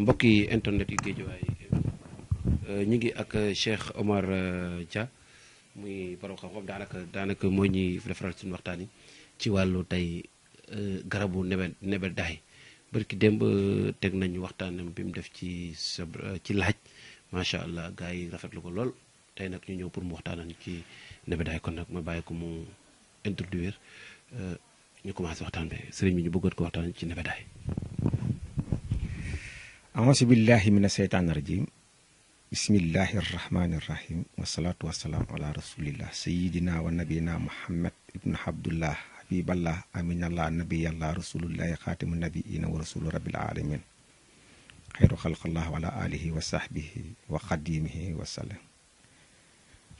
mbokk yi internet yu géejuwaay euh, ñu ngi ak Cheikh Omar euh, Dia muy borom xam-xam daanaka daanaka mooy ñuy defaral suñu waxtaan yi ci wàllu tey euh, garabu nebe nebe ki barki démb teg nañu waxtaanam bi mu def ci sa ci laaj macha allah gars yi rafetlu ko lool tey nag ñu ñëw pour mu waxtaanal ci nebe kon nag ma bàyyi ko mu introduire ñu commencé waxtaan bi sëriñ bi ñu bëggoon ko waxtaan ci nebe أعوذ بالله من الشيطان الرجيم بسم الله الرحمن الرحيم والصلاة والسلام على رسول الله سيدنا ونبينا محمد ابن عبد الله حبيب الله أمين الله نبي الله رسول الله خاتم النبيين ورسول رب العالمين خير خلق الله وعلى آله وصحبه وخديمه وسلم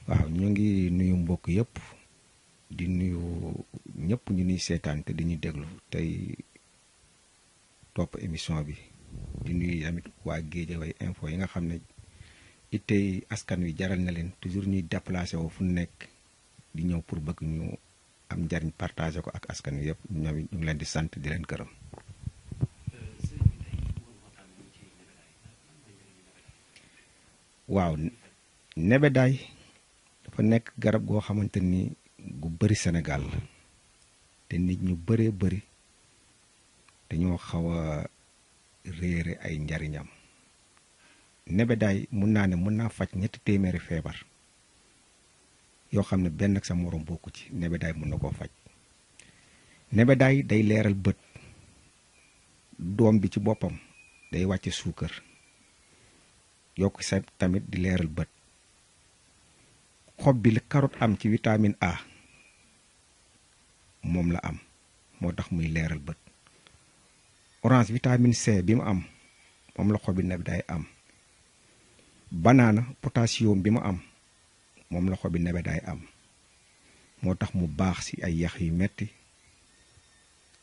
واو نيغي نيو مبوك ييب دي نيو نييب ني ني nuy تي دي ني دغلو تاي توب ايميسيون بي di nuyu tamit waa Guédiawaye info yi nga xam ne itey askan wi jaral na leen toujours ñuy déplacé woo fu nekk di ñëw pour bëgg am njariñ partagé ko ak askan wi yëpp ñoom ñu ngi leen di sant di leen gërëm. waaw nebedaay dafa nekk garab goo xamante ni gu bëri senegal la te nit ñu bëree bëri dañoo xaw a réere ay njariñam nebedaay mun naa ne mën naa faj ñett téeméeri feebar yoo xam ne benn ak sa morom bokku ci nebedaay mun na koo faj nebedaay day leeral bët doom bi ci boppam day wàcce suukar yokk sa tamit di leeral bët xob bi li carotte am ci vitamine A moom la am moo tax muy leeral bët orange vitamine C bi mu am mom la xobi neb day am banana potassium bi mu am mom la xobi nebe day am motax mu bax ci ay yakh yu metti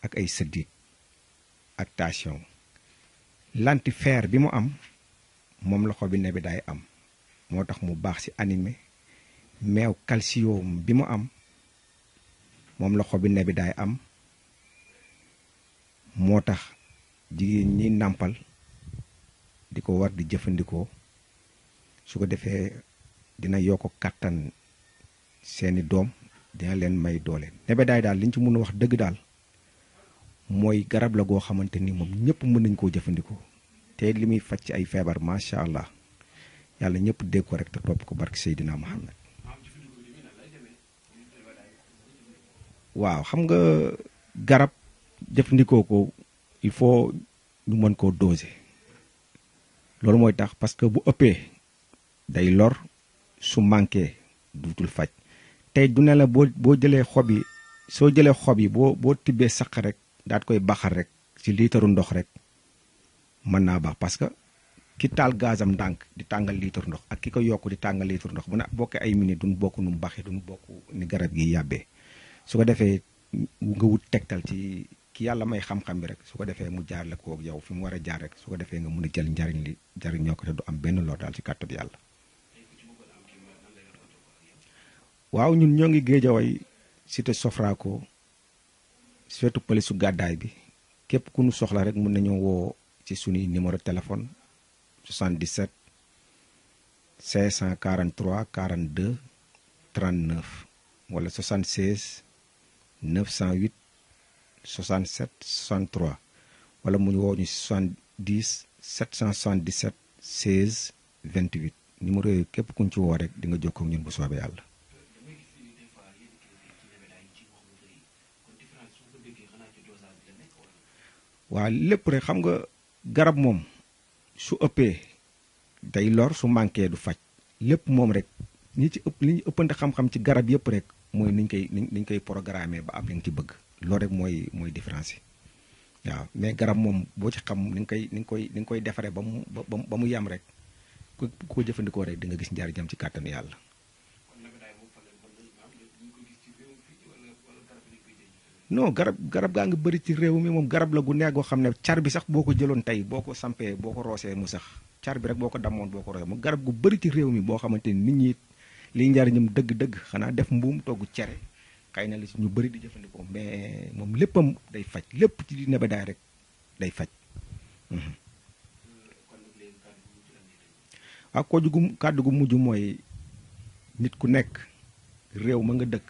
ak ay sedit ak tension fer bi mu am mom la xobi nebe day am motax mu bax ci animé mew calcium bi mu am mom la xobi nebi day am motax jigéen ñi nàmpal di ko war di jëfandikoo su ko defee dina yokk kàttan seeni doom dina leen may doole nebedaay daal li ñu ci mun a wax dëgg daal mooy garab la goo xamante ni moom ñëpp mën nañ koo jëfandikoo te li muy faj ci ay feebar macha allah yàlla ñëpp dégg ko rek te topp ko barke Seydina Muhammad waaw xam nga garab jëfandikoo ko il faut ñu mën koo doose loolu mooy tax parce que bu ëppee day lor su manqué duutul faj tey du ne la boo boo jëlee xob yi soo jëlee xob yi boo boo tibbee saq rek daat koy baxal rek ci liitaru ndox rek mën naa baax parce que ki taal gazam ndànk di tàngal liitaru ndox ak ki ko yokk di tàngal liitaru ndox bu na bokke ay minute duñ bokk nu mu baxee duñ bokk ni garab gi yàbbee su ko defee nga wut tegtal ci ki yalla may xam-xam bi rek suko defé mu jaar la ko ak yow fimu wara jaar rek suko defé nga mëna jël njariñ li jariñ ñoko te du am benn lo dal ci kàttu bi yàlla waaw ñun ñoo ngi géejaway cité sofraako si wetu polisu gàddaay bi képp ku ñu soxla rek mëna ñu wo ci suñu numéro téléphone 77 543 42 39 wala 76 908 67 63 wala mu woo ñu 70 777 16 28 numéro yooyu képp kuñ ci woo rek di nga jokkoo ñun bu soobee yàlla waa lépp rek xam nga garab moom su ëppee day lor su manqué du faj lépp moom rek ñi ci ëpp li ñu ëppante xam-xam ci garab yépp rek mooy niñ koy niñ koy programmer ba am li nga ci bëgg loolu rek mooy mooy différence yi waaw mais garab moom boo ci xam ni nga koy ni nga koy ni nga koy defaree ba mu ba ba mu yam rek ku ko jëfandikoo rek di nga gis njaariñam ci kàttan yàlla. non garab garab gaa ngi bëri ci réew mi moom garab la gu neex goo xam ne car bi sax boo ko jëloon tey boo ko sampee boo ko roosee mu sax car bi rek boo ko dammoon boo ko roosee mu garab gu bari ci réew mi boo xamante ni nit ñi liy njariñam dëgg-dëgg xanaa def mbuum togg cere xëy li la ñu di jëfëndiko mais mom leppam day faj lepp ci di nebedaay rek day faj. Mhm. ak ko jugum kaddu gu muju moy nit ku nek rew ma nga dëkk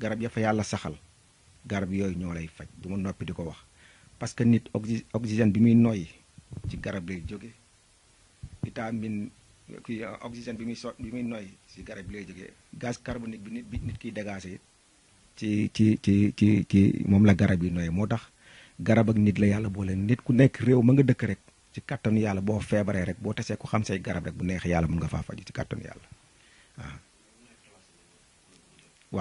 garab ya fa yalla saxal garab yoy ñoo lay faj du wax parce que nit oxygène bi muy noy ci garab lay joggé vitamine ki oxygène bi muy so bi muy noy ci garab lay joggé gaz carbonique bi nit bi nit ki dégager ci ci ci ci ci mom la garab yi noy motax garab ak nit la bo len nit ku nek rew ma nga dekk rek ci carton yalla bo febrer rek bo tasee ku xam say garab rek bu neex yalla mën nga fa faji ci carton yalla wa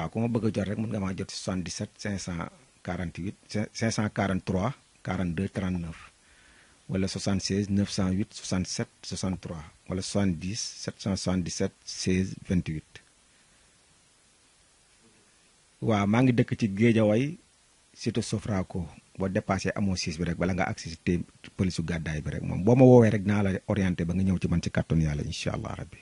waaw ku ma bëgg jot rek mën nga ma jot 77 548 543 42 39 wala 76 908 67 63 wala 70 777 16 28 waaw maa ngi dëkk ci géej a Géejawaay surtout Sofraco boo dépassé amoo siis bi rek bala nga agsi si té polisu gàddaay bi rek moom boo ma woowee rek naa la orienté ba nga ñëw ci man ci kàttanu la incha allah rabbi